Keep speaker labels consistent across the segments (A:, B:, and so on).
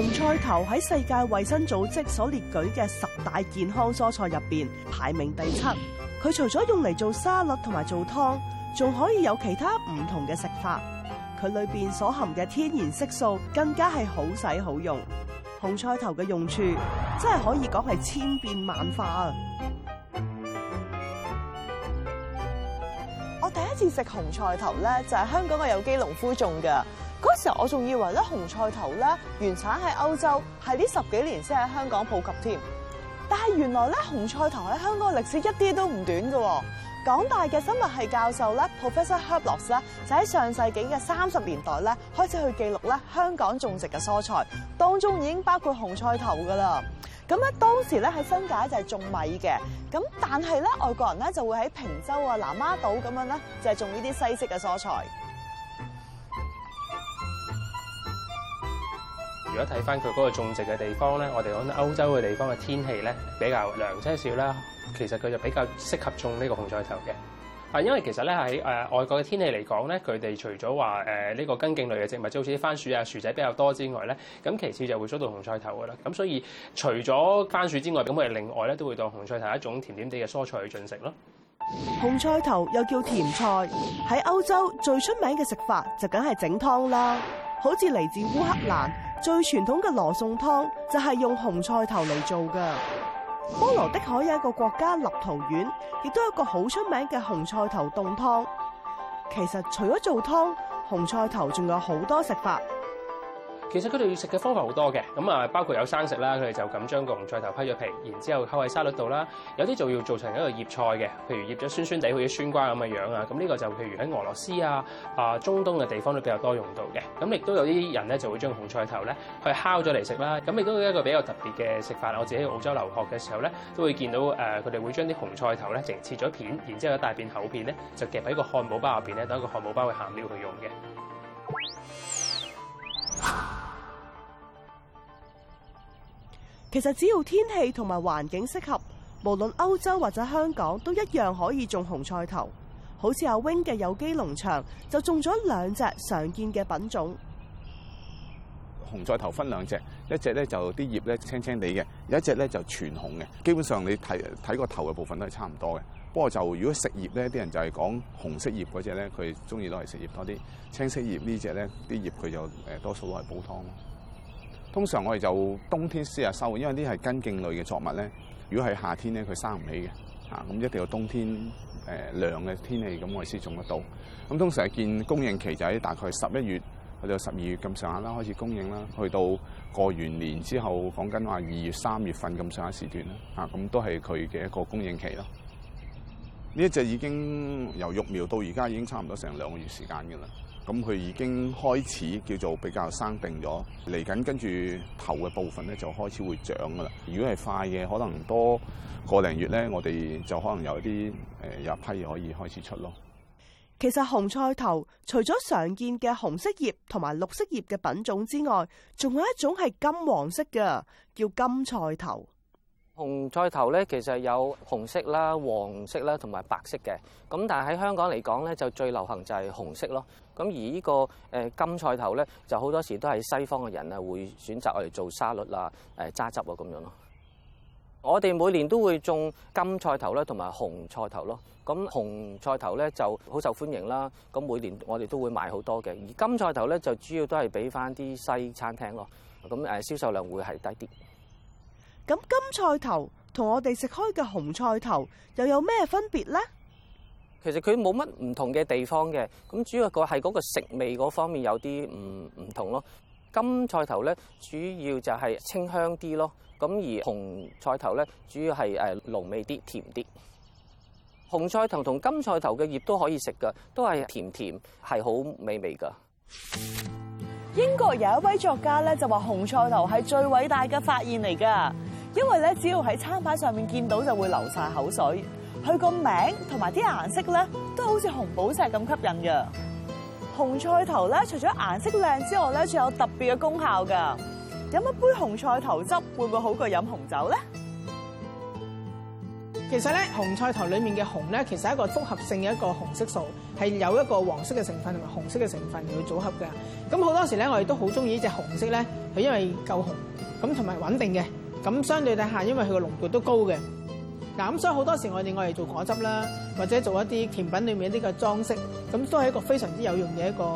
A: 紅菜頭喺世界衛生組織所列舉嘅十大健康蔬菜入邊排名第七。佢除咗用嚟做沙律同埋做湯，仲可以有其他唔同嘅食法。佢裏邊所含嘅天然色素更加係好使好用。紅菜頭嘅用處真係可以講係千變萬化啊！我第一次食紅菜頭呢，就係香港嘅有機農夫種噶。嗰時候我仲以為咧，紅菜頭咧原產喺歐洲，係呢十幾年先喺香港普及添。但係原來咧，紅菜頭喺香港歷史一啲都唔短嘅。港大嘅生物系教授咧 Professor Herklots 呢就喺上世紀嘅三十年代咧開始去記錄咧香港種植嘅蔬菜，當中已經包括紅菜頭噶啦。咁咧當時咧，喺新界就係種米嘅，咁但係咧，外國人咧就會喺坪洲啊、南丫島咁樣咧就係種呢啲西式嘅蔬菜。
B: 如果睇翻佢嗰個種植嘅地方咧，我哋講歐洲嘅地方嘅天氣咧比較涼些少啦。其實佢就比較適合種呢個紅菜頭嘅。啊，因為其實咧喺誒外國嘅天氣嚟講咧，佢哋除咗話誒呢個根莖類嘅植物，即好似啲番薯啊、薯仔比較多之外咧，咁其次就會捉到紅菜頭噶啦。咁所以除咗番薯之外，咁我哋另外咧都會當紅菜頭一種甜點地嘅蔬菜去進食咯。
A: 紅菜頭又叫甜菜，喺歐洲最出名嘅食法就梗係整湯啦，好似嚟自烏克蘭。最傳統嘅羅宋湯就係用紅菜頭嚟做㗎。波羅的海有一個國家立陶宛，亦都有一個好出名嘅紅菜頭凍湯。其實除咗做湯，紅菜頭仲有好多食法。
B: 其實佢哋要食嘅方法好多嘅，咁啊包括有生食啦，佢哋就咁將個紅菜頭批咗皮，然之後烤喺沙律度啦。有啲就要做成一個醃菜嘅，譬如醃咗酸酸地，好似酸瓜咁嘅樣啊。咁、這、呢個就譬如喺俄羅斯啊、啊中東嘅地方都比較多用到嘅。咁亦都有啲人咧就會將紅菜頭咧去烤咗嚟食啦。咁亦都有一個比較特別嘅食法。我自己喺澳洲留學嘅時候咧，都會見到誒佢哋會將啲紅菜頭咧整切咗片，然之後，大後面一大片厚片咧就夾喺個漢堡包入邊咧，等個漢堡包去餡料去用嘅。
A: 其實只要天氣同埋環境適合，無論歐洲或者香港都一樣可以種紅菜頭。好似阿 Wing 嘅有機農場就種咗兩隻常見嘅品種。
C: 紅菜頭分兩隻，一隻咧就啲葉咧青青地嘅，有一隻咧就全紅嘅。基本上你睇睇個頭嘅部分都係差唔多嘅。不過就如果食葉咧，啲人就係講紅色葉嗰隻咧，佢中意攞嚟食葉多啲。青色葉呢隻咧，啲葉佢就誒多數攞嚟煲湯。通常我哋就冬天先啊收，因為呢啲係根莖類嘅作物咧，如果係夏天咧佢生唔起嘅，啊咁一定要冬天誒涼嘅天氣，咁我哋先種得到。咁通常係見供應期就喺大概十一月去到十二月咁上下啦，開始供應啦，去到過完年之後講緊話二月三月份咁上下時段啦，啊咁都係佢嘅一個供應期咯。呢一隻已經由育苗到而家已經差唔多成兩個月時間嘅啦。咁佢已經開始叫做比較生定咗，嚟緊，跟住頭嘅部分咧就開始會長噶啦。如果係快嘅，可能多個零月咧，我哋就可能有啲誒有批可以開
A: 始出咯。其實紅菜頭除咗常見嘅紅色葉同埋綠色葉嘅品種之外，仲有一種係金黃色嘅，叫金菜頭。
D: 紅菜頭咧，其實有紅色啦、黃色啦，同埋白色嘅。咁但係喺香港嚟講咧，就最流行就係紅色咯。咁而呢個誒金菜頭咧，就好多時都係西方嘅人啊，會選擇我哋做沙律啊、誒榨汁啊咁樣咯。我哋每年都會種金菜頭啦，同埋紅菜頭咯。咁紅菜頭咧就好受歡迎啦。咁每年我哋都會賣好多嘅。而金菜頭咧，就主要都係俾翻啲西餐廳咯。咁誒銷售量會係低啲。
A: 咁金菜頭同我哋食開嘅紅菜頭又有咩分別咧？
D: 其實佢冇乜唔同嘅地方嘅，咁主要個係嗰個食味嗰方面有啲唔唔同咯。金菜頭咧主要就係清香啲咯，咁而紅菜頭咧主要係誒濃味啲，甜啲。紅菜頭同金菜頭嘅葉都可以食噶，都係甜甜，係好美味噶。
A: 英國有一位作家咧就話紅菜頭係最偉大嘅發現嚟噶。因為咧，只要喺餐牌上面見到就會流晒口水。佢個名同埋啲顏色咧，都好似紅寶石咁吸引嘅。紅菜頭咧，除咗顏色靚之外咧，仲有特別嘅功效㗎。飲一杯紅菜頭汁會唔會好過飲紅酒咧？其實咧，紅菜頭裡面嘅紅咧，其實係一個複合性嘅一個紅色素，係有一個黃色嘅成分同埋紅色嘅成分嚟去組合㗎。咁好多時咧，我哋都好中意呢隻紅色咧，係因為夠紅咁同埋穩定嘅。咁相對底下，因為佢個濃度都高嘅，嗱咁所以好多時我哋攞嚟做果汁啦，或者做一啲甜品裡面一啲嘅裝飾，咁都係一個非常之有用嘅一個誒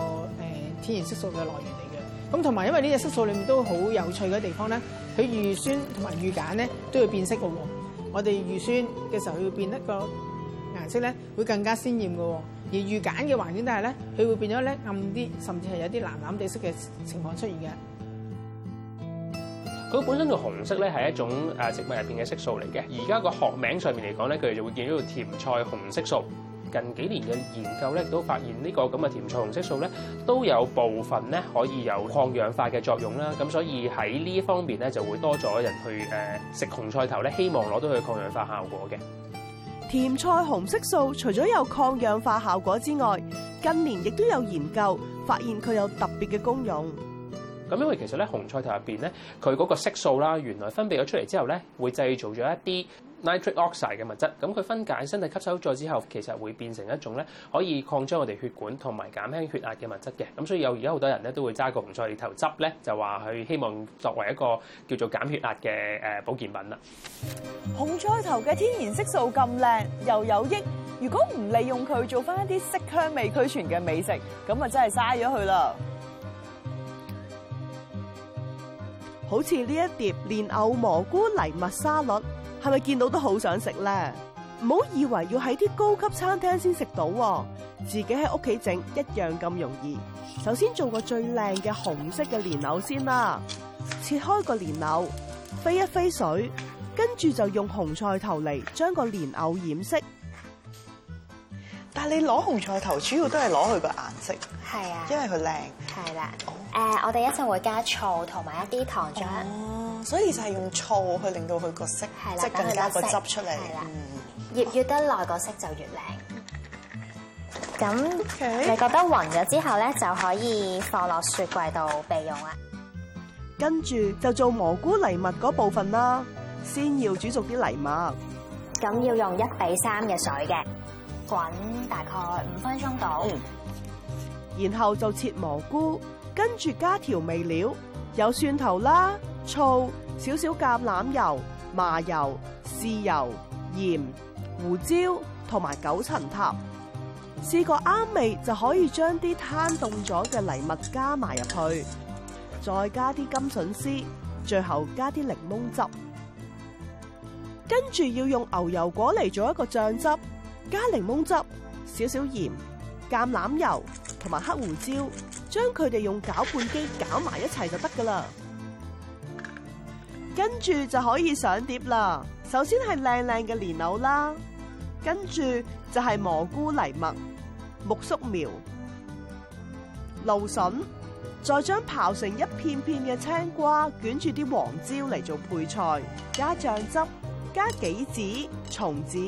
A: 天然色素嘅來源嚟嘅。咁同埋因為呢隻色素裡面都好有趣嘅地方咧，佢遇酸同埋遇鹼咧都會變色嘅喎。我哋遇酸嘅時候佢會變一個顏色咧，會更加鮮豔嘅喎。而遇鹼嘅環境底下咧，佢會變咗咧暗啲，甚至係有啲藍藍哋色嘅情況出現嘅。
B: 佢本身嘅紅色咧係一種誒植物入邊嘅色素嚟嘅，而家個學名上面嚟講咧，佢哋就會見到甜菜紅色素。近幾年嘅研究咧，都發現呢個咁嘅甜菜紅色素咧，都有部分咧可以有抗氧化嘅作用啦。咁所以喺呢一方面咧，就會多咗人去誒食紅菜頭咧，希望攞到佢抗氧化效果嘅。
A: 甜菜紅色素除咗有抗氧化效果之外，近年亦都有研究發現，佢有特別嘅功用。
B: 咁因為其實咧紅菜頭入面咧，佢嗰個色素啦，原來分泌咗出嚟之後咧，會製造咗一啲 nitric oxide 嘅物質。咁佢分解、身體吸收咗之後，其實會變成一種咧可以擴張我哋血管同埋減輕血壓嘅物質嘅。咁所以有而家好多人咧都會揸個紅菜頭汁咧，就話佢希望作為一個叫做減血壓嘅誒保健品啦。
A: 紅菜頭嘅天然色素咁靚又有益，如果唔利用佢做翻一啲色香味俱全嘅美食，咁啊真係嘥咗佢啦。好似呢一碟蓮藕蘑菇泥蜜沙律，係咪見到都好想食呢？唔好以為要喺啲高級餐廳先食到，自己喺屋企整一樣咁容易。首先做個最靚嘅紅色嘅蓮藕先啦，切開個蓮藕，飛一飛水，跟住就用紅菜頭嚟將個蓮藕染色。但係你攞紅菜頭，主要都係攞佢個顏色，係啊的，因為佢靚，係啦的。誒，oh. uh, 我哋一陣會，會加醋同埋一啲糖漿，哦，oh, 所以就係用醋去令到佢個色，係啦的，即係更加個汁出嚟，係啦。越越得耐，個、嗯、色就越靚。咁你覺得勻咗之後咧，就可以放落雪櫃度備用啦。跟住就做蘑菇藜麥嗰部分啦，先要煮熟啲藜麥，咁要用一比三嘅水嘅。滾大
E: 概五分鐘到，
A: 然後就切蘑菇，跟住加調味料，有蒜頭啦、醋、少少橄欖油、麻油、豉油、鹽、胡椒同埋九層塔。試過啱味就可以將啲攤凍咗嘅泥物加埋入去，再加啲甘筍絲，最後加啲檸檬汁。跟住要用牛油果嚟做一個醬汁。加檸檬汁，少少鹽、橄欖油同埋黑胡椒，將佢哋用攪拌機攪埋一齊就得噶啦。跟住就可以上碟啦。首先係靚靚嘅蓮藕啦，跟住就係蘑菇、藜麥、木薯苗、蘆筍，再將刨成一片片嘅青瓜捲住啲黃椒嚟做配菜，加醬汁，加杞子、松子。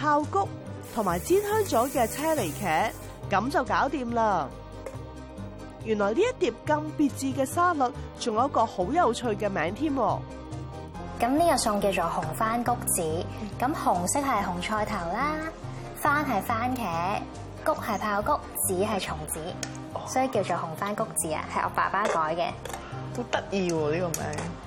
A: 爆谷同埋煎香咗嘅車厘茄，咁就搞掂啦。原來呢一碟咁別致嘅沙律，仲有一個好有趣嘅名添。咁呢個餸叫做紅番谷子，咁紅色係紅菜頭啦，番係番茄，谷係爆谷，子係松子，所以叫做紅番谷子啊。係我爸爸改嘅，好得意呢個名。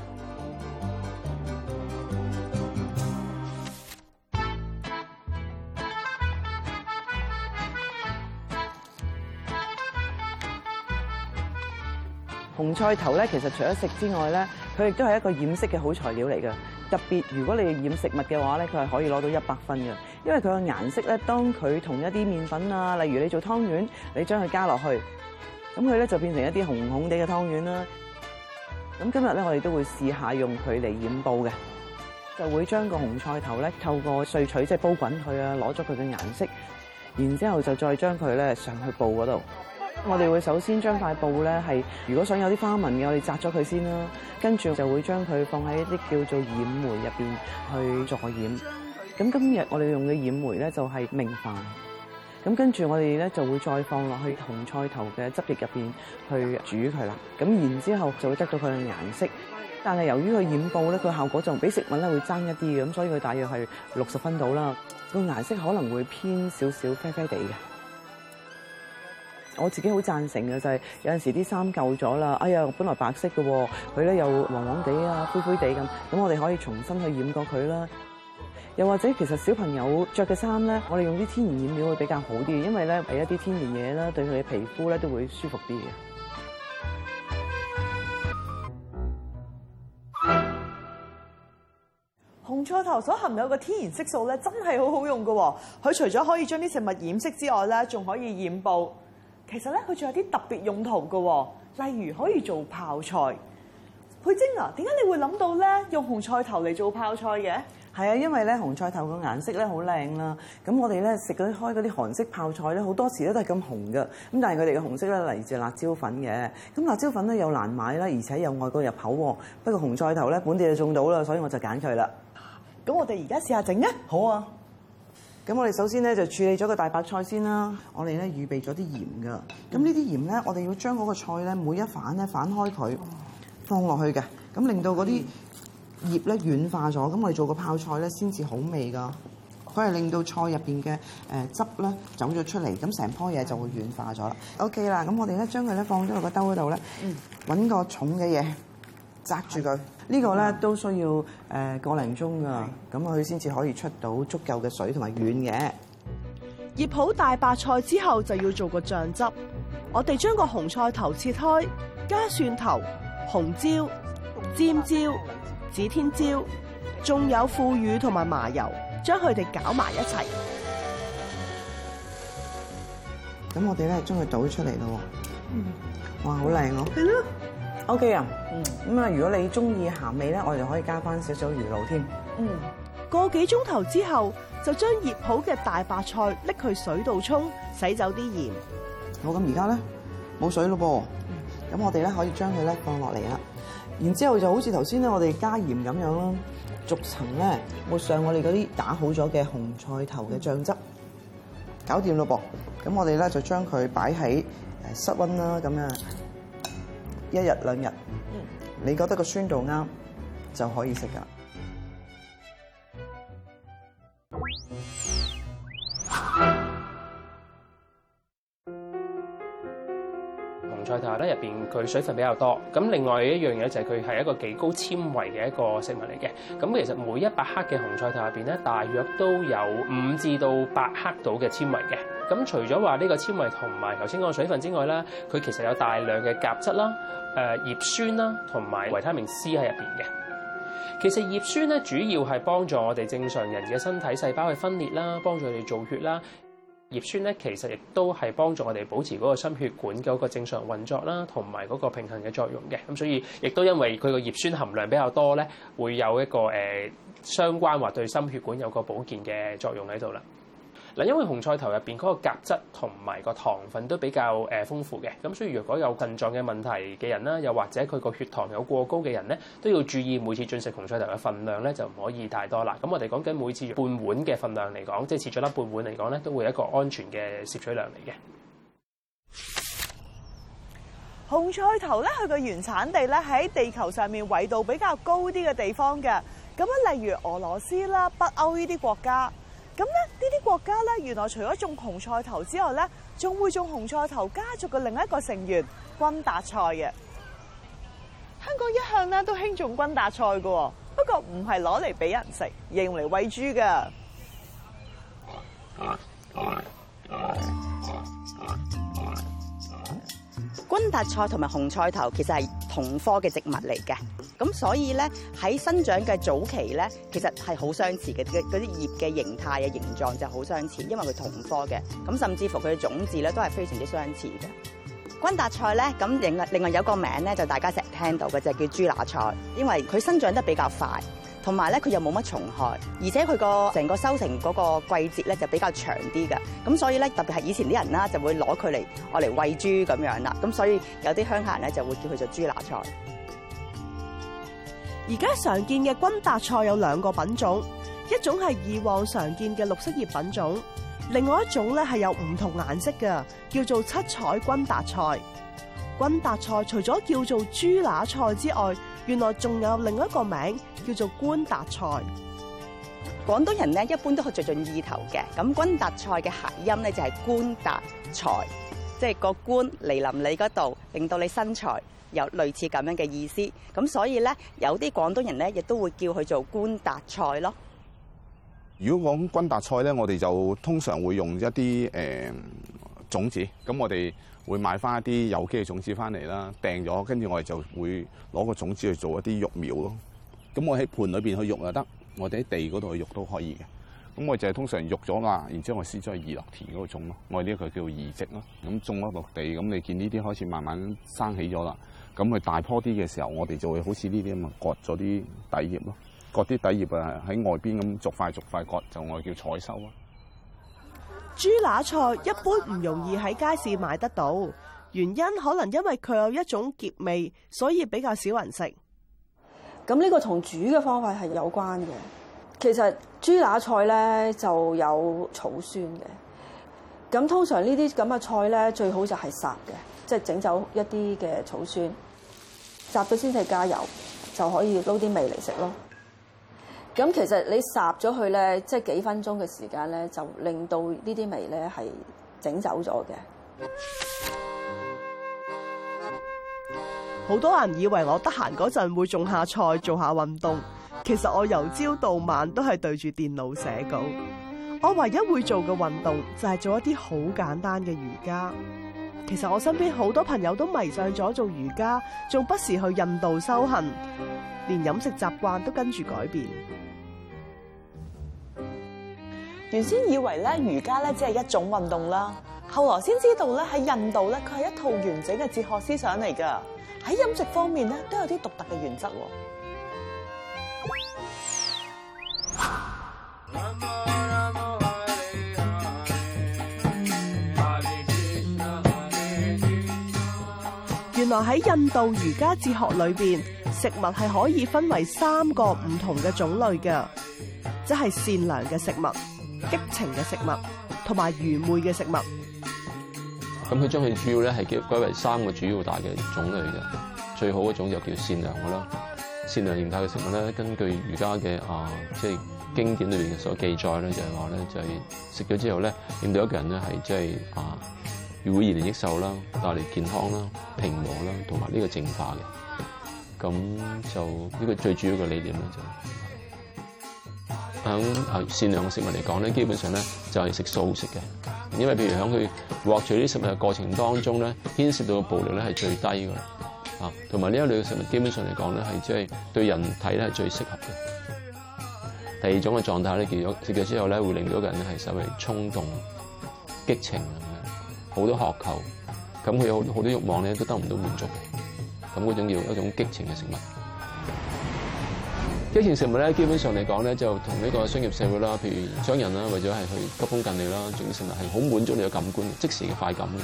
E: 紅菜頭咧，其實除咗食之外咧，佢亦都係一個染色嘅好材料嚟嘅。特別如果你要染食物嘅話咧，佢係可以攞到一百分嘅，因為佢嘅顏色咧，當佢同一啲麵粉啊，例如你做湯圓，你將佢加落去，咁佢咧就變成一啲紅紅哋嘅湯圓啦。咁今日咧，我哋都會試下用佢嚟染布嘅，就會將個紅菜頭咧透過萃取即係煲滾佢啊，攞咗佢嘅顏色，然之後就再將佢咧上去布嗰度。我哋會首先將塊布咧係，如果想有啲花紋嘅，我哋紮咗佢先啦。跟住就會將佢放喺一啲叫做染媒入邊去助染。咁今日我哋用嘅染媒咧就係明礬。咁跟住我哋咧就會再放落去紅菜頭嘅汁液入邊去煮佢啦。咁然之後就會得到佢嘅顏色。但係由於佢染布咧，佢效果就比食物咧會爭一啲嘅，咁所以佢大約係六十分度啦。個顏色可能會偏少少啡啡地嘅。我自己好贊成嘅就係、是、有陣時啲衫舊咗啦。哎呀，本來白色嘅，佢咧又黃黃地啊、灰灰地咁。咁我哋可以重新去染過佢啦。又或者其實小朋友着嘅衫咧，我哋用啲天然染料會比較好啲，因為咧係一啲天然嘢啦，對佢嘅皮膚咧都會舒服啲嘅。
A: 紅菜頭所含有嘅天然色素咧，真係好好用喎。佢除咗可以將啲食物染色之外咧，仲可以染布。其實咧，佢仲有啲特別用途嘅喎，例如可
E: 以做泡菜。佩晶啊？點解你會諗到咧？用紅菜頭嚟做泡菜嘅？係啊，因為咧紅菜頭個顏色咧好靚啦。咁我哋咧食嗰啲開嗰啲韓式泡菜咧，好多時咧都係咁紅嘅。咁但係佢哋嘅紅色咧嚟自辣椒粉嘅。咁辣椒粉咧又難買啦，而且又外國入口喎。不過紅菜頭咧本地就種到啦，所以我就揀佢啦。咁我哋而家試下整啊！好啊。咁我哋首先咧就處理咗個大白菜先啦。我哋咧預備咗啲鹽噶。咁、嗯、呢啲鹽咧，我哋要將嗰個菜咧每一反咧反開佢放落去嘅，咁令到嗰啲葉咧軟化咗。咁我哋做個泡菜咧先至好味噶。佢係令到菜入面嘅汁咧走咗出嚟，咁成棵嘢就會軟化咗啦。嗯、OK 啦，咁我哋咧將佢咧放咗落個兜度咧，揾個重嘅嘢。紮住佢，的這個呢個咧都需要誒個零鐘㗎，咁佢先至可以出到足夠嘅水同埋軟嘅。
A: 醃好大白菜之後就要做個醬汁，我哋將個紅菜頭切開，加蒜頭、紅椒、尖椒、指天椒，仲有腐乳同埋麻油，將佢哋攪埋一齊。
E: 咁我哋咧將佢倒出嚟咯，哇，好靚哦！係咯、嗯。嗯 O K 啊，嗯，咁啊，如果你中意鹹味咧，我哋可以加翻少少魚露添。嗯，
A: 個幾鐘頭之後就將醃好嘅大白菜拎去水度沖，洗走啲鹽。
E: 好、哦，咁而家咧冇水咯噃，咁、嗯、我哋咧可以將佢咧放落嚟啦。然之後就好似頭先咧，我哋加鹽咁樣啦，逐層咧抹上我哋嗰啲打好咗嘅紅菜頭嘅醬汁。搞掂咯噃，咁我哋咧就將佢擺喺誒室温啦，咁樣。一日兩日，嗯、你覺得個酸度啱就可以食㗎。
B: 紅菜頭咧入邊，佢水分比較多，咁另外一樣嘢就係佢係一個幾高纖維嘅一個食物嚟嘅。咁其實每一百克嘅紅菜頭入邊咧，大約都有五至到八克度嘅纖維嘅。咁除咗話呢個纖維同埋頭先嗰個水分之外咧，佢其實有大量嘅鈣質啦、誒葉酸啦同埋維他命 C 喺入面嘅。其實葉酸咧主要係幫助我哋正常人嘅身體細胞去分裂啦，幫助我哋造血啦。葉酸咧其實亦都係幫助我哋保持嗰個心血管嘅一個正常運作啦，同埋嗰個平衡嘅作用嘅。咁所以亦都因為佢個葉酸含量比較多咧，會有一個、呃、相關或對心血管有個保健嘅作用喺度啦。嗱，因為紅菜頭入邊嗰個鉀質同埋個糖分都比較誒豐富嘅，咁所以如果有腎臟嘅問題嘅人啦，又或者佢個血糖有過高嘅人咧，都要注意每次進食紅菜頭嘅分量咧就唔可以太多啦。咁我哋講緊每次半碗嘅分量嚟講，即係切咗粒半碗嚟講咧，都會有一個安全嘅攝取量嚟嘅。
A: 紅菜頭咧，佢個原產地咧喺地球上面緯度比較高啲嘅地方嘅，咁樣例如俄羅斯啦、北歐呢啲國家。咁咧，呢啲國家咧，原來除咗種紅菜頭之外咧，仲會種紅菜頭家族嘅另一個成員——君達菜嘅。香港一向咧都興種君達菜㗎，不過唔係攞嚟俾人食，而用嚟餵豬
F: 㗎。
G: 君達菜同埋紅菜頭其實係同科嘅植物嚟嘅。咁所以咧，喺生長嘅早期咧，其實係好相似嘅，嗰啲葉嘅形態嘅形狀就好相似，因為佢同科嘅。咁甚至乎佢嘅種子咧都係非常之相似嘅。君達菜咧，咁另另外有一個名咧就大家成日聽到嘅，就係叫豬乸菜，因為佢生長得比較快，同埋咧佢又冇乜蟲害，而且佢個成個收成嗰個季節咧就比較長啲嘅。咁所以咧，特別係以前啲人啦，就會攞佢嚟愛嚟餵豬咁樣啦。咁所以有啲鄉下人咧就會叫佢做
A: 豬乸菜。而家常見嘅君達菜有兩個品種，一種係以往常見嘅綠色葉品種，另外一種咧係有唔同顏色嘅，叫做七彩君達菜。君達菜除咗叫做豬乸菜之外，原來仲有另外一個名叫做官達菜。
G: 廣東人咧一般都好着重意頭嘅，咁君達菜嘅諧音咧就係官達財，即係個官嚟臨你嗰度，令到你生財。有類似咁樣嘅意思，咁所以咧，有啲廣東人咧亦都會叫佢做君達菜咯。
C: 如果講君達菜咧，我哋就通常會用一啲誒、欸、種子，咁我哋會買翻一啲有機嘅種子翻嚟啦，訂咗，跟住我哋就會攞個種子去做一啲育苗咯。咁我喺盤裏邊去育又得，我哋喺地嗰度去育都可以嘅。咁我就係通常育咗啦，然之後我先咗去移落田嗰度種咯，我哋呢個叫移植咯。咁種咗落地，咁你見呢啲開始慢慢生起咗啦。咁佢大棵啲嘅時候，我哋就會好似呢啲咁啊，割咗啲底葉咯，割啲底葉啊，喺外邊咁逐塊逐塊割，就我叫採收咯。
A: 豬乸菜一般唔容易喺街市買得到，原因可能因為佢有一種澀味，所以比較少人食。咁呢個同煮嘅方法係有關嘅。
G: 其實豬乸菜咧就有草酸嘅，咁通常這些呢啲咁嘅菜咧，最好就係烚嘅。即係整走一啲嘅草酸，烚咗先至加油，就可以撈啲味嚟食咯。咁其實你烚咗佢咧，即係幾分鐘嘅時間咧，就令到呢啲味咧係
A: 整走咗嘅。好多人以為我得閒嗰陣會種下菜做下運動，其實我由朝到晚都係對住電腦寫稿。我唯一會做嘅運動就係做一啲好簡單嘅瑜伽。其實我身邊好多朋友都迷上咗做瑜伽，仲不時去印度修行，連飲食習慣都跟住改變。原先以為咧瑜伽咧只係一種運動啦，後來先知道咧喺印度咧佢係一套完整嘅哲學思想嚟噶，喺飲食方面咧都有啲獨特嘅原則啊。 原來喺印度瑜伽哲學裏邊，食物係可以分為三個唔同嘅種類嘅，即係善良嘅食物、激情嘅食物同埋愚昧嘅食物。
F: 咁佢將佢主要咧係叫歸為三個主要大嘅種類嘅，最好嗰種又叫善良嘅啦。善良形態嘅食物咧，根據瑜伽嘅啊，即、呃、係、就是、經典裏邊所記載咧，就係話咧就係食咗之後咧，令到一個人咧係即係啊。呃如果延年益壽啦，帶嚟健康啦、平和啦，同埋呢個淨化嘅。咁就呢個最主要嘅理念咧，就響善良嘅食物嚟講咧，基本上咧就係食素食嘅。因為譬如響佢獲取呢啲食物嘅過程當中咧，牽涉到嘅暴力咧係最低嘅喇。啊，同埋呢一類嘅食物基本上嚟講咧，係即係對人體咧係最適合嘅。第二種嘅狀態咧，其咗食咗之後咧，會令到一個人咧係稍微衝動、激情。好多渴求，咁佢有好多好多慾望咧，都得唔到滿足嘅。咁嗰種叫一種激情嘅食物。激情食物咧，基本上嚟講咧，就同呢個商業社會啦，譬如商人啦，為咗係去急功近利啦，仲要食物係好滿足你嘅感官，即時嘅快感嘅。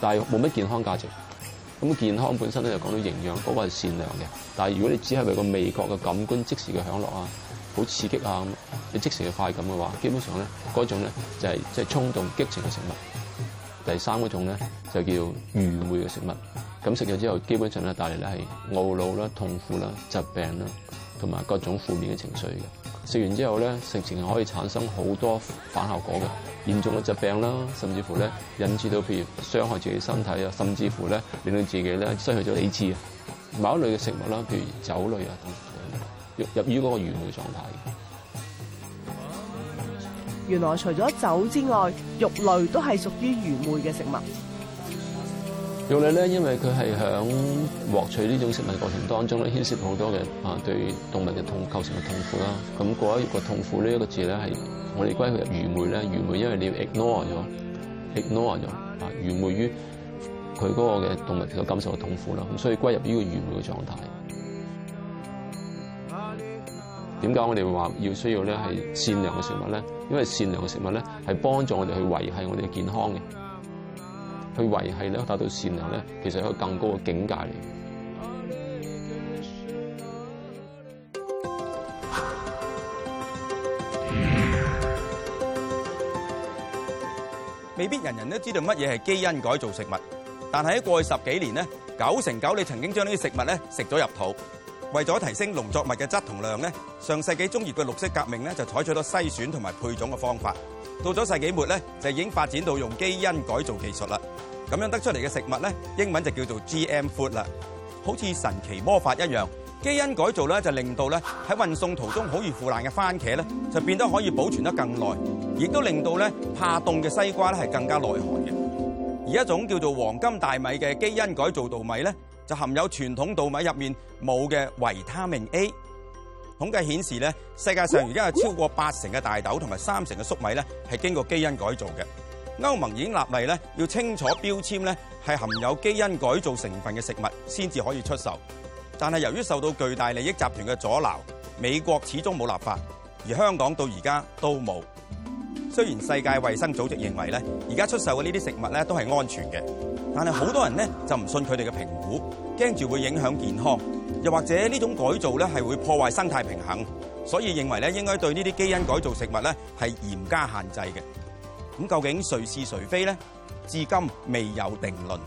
F: 但係冇乜健康價值。咁健康本身咧就講到營養，嗰個係善良嘅。但係如果你只係為個味覺嘅感官、即時嘅享樂啊，好刺激啊，你即時嘅快感嘅話，基本上咧嗰種咧就係即係衝動、激情嘅食物。第三嗰種咧就叫愚昧嘅食物，咁食咗之後，基本上咧帶嚟咧係懊惱啦、痛苦啦、疾病啦，同埋各種負面嘅情緒嘅。食完之後咧，食情可以產生好多反效果嘅，嚴重嘅疾病啦，甚至乎咧引致到譬如傷害自己身體啊，甚至乎咧令到自己咧失去咗理智啊，某一類嘅食物啦，譬如酒類啊等等，入入於嗰個愚昧狀態。
A: 原來除咗酒之外，肉類都係屬於愚昧嘅食物。
F: 肉類咧，因為佢係響獲取呢種食物的過程當中咧，牽涉好多嘅啊，對動物嘅痛、構成嘅痛苦啦。咁過一個痛苦呢一個字咧，係我哋歸入愚昧咧，愚昧因為你要 ignore 咗 ignore 咗，ignore 咗啊，愚昧於佢嗰個嘅動物其實感受嘅痛苦啦，咁所以歸入呢個愚昧嘅狀態。點解我哋會話要需要咧係善良嘅食物咧？因為善良嘅食物咧，係幫助我哋去維繫我哋嘅健康嘅。去維繫咧，達到善良咧，其實係一個更高嘅境界嚟。
H: 未必人人都知道乜嘢係基因改造食物，但係喺過去十幾年咧，九成九你曾經將呢啲食物咧食咗入肚。為咗提升農作物嘅質同量咧，上世紀中葉嘅綠色革命咧就採取咗篩選同埋配種嘅方法。到咗世紀末咧，就已經發展到用基因改造技術啦。咁樣得出嚟嘅食物咧，英文就叫做 GM food 啦，好似神奇魔法一樣。基因改造咧就令到咧喺運送途中好易腐爛嘅番茄咧，就變得可以保存得更耐，亦都令到咧怕凍嘅西瓜咧係更加耐寒嘅。而一種叫做黃金大米嘅基因改造稻米咧。就含有傳統稻米入面冇嘅維他命 A。統計顯示咧，世界上而家係超過八成嘅大豆同埋三成嘅粟米咧，係經過基因改造嘅。歐盟已經立例咧，要清楚標籤咧係含有基因改造成分嘅食物先至可以出售。但係由於受到巨大利益集團嘅阻撓，美國始終冇立法，而香港到而家都冇。雖然世界衛生組織認為咧，而家出售嘅呢啲食物咧都係安全嘅。但係好多人咧就唔信佢哋嘅評估，驚住會影響健康，又或者呢種改造咧係會破壞生態平衡，所以認為咧應該對呢啲基因改造食物咧係嚴加限制嘅。咁究竟誰是誰非呢？至今未有定論。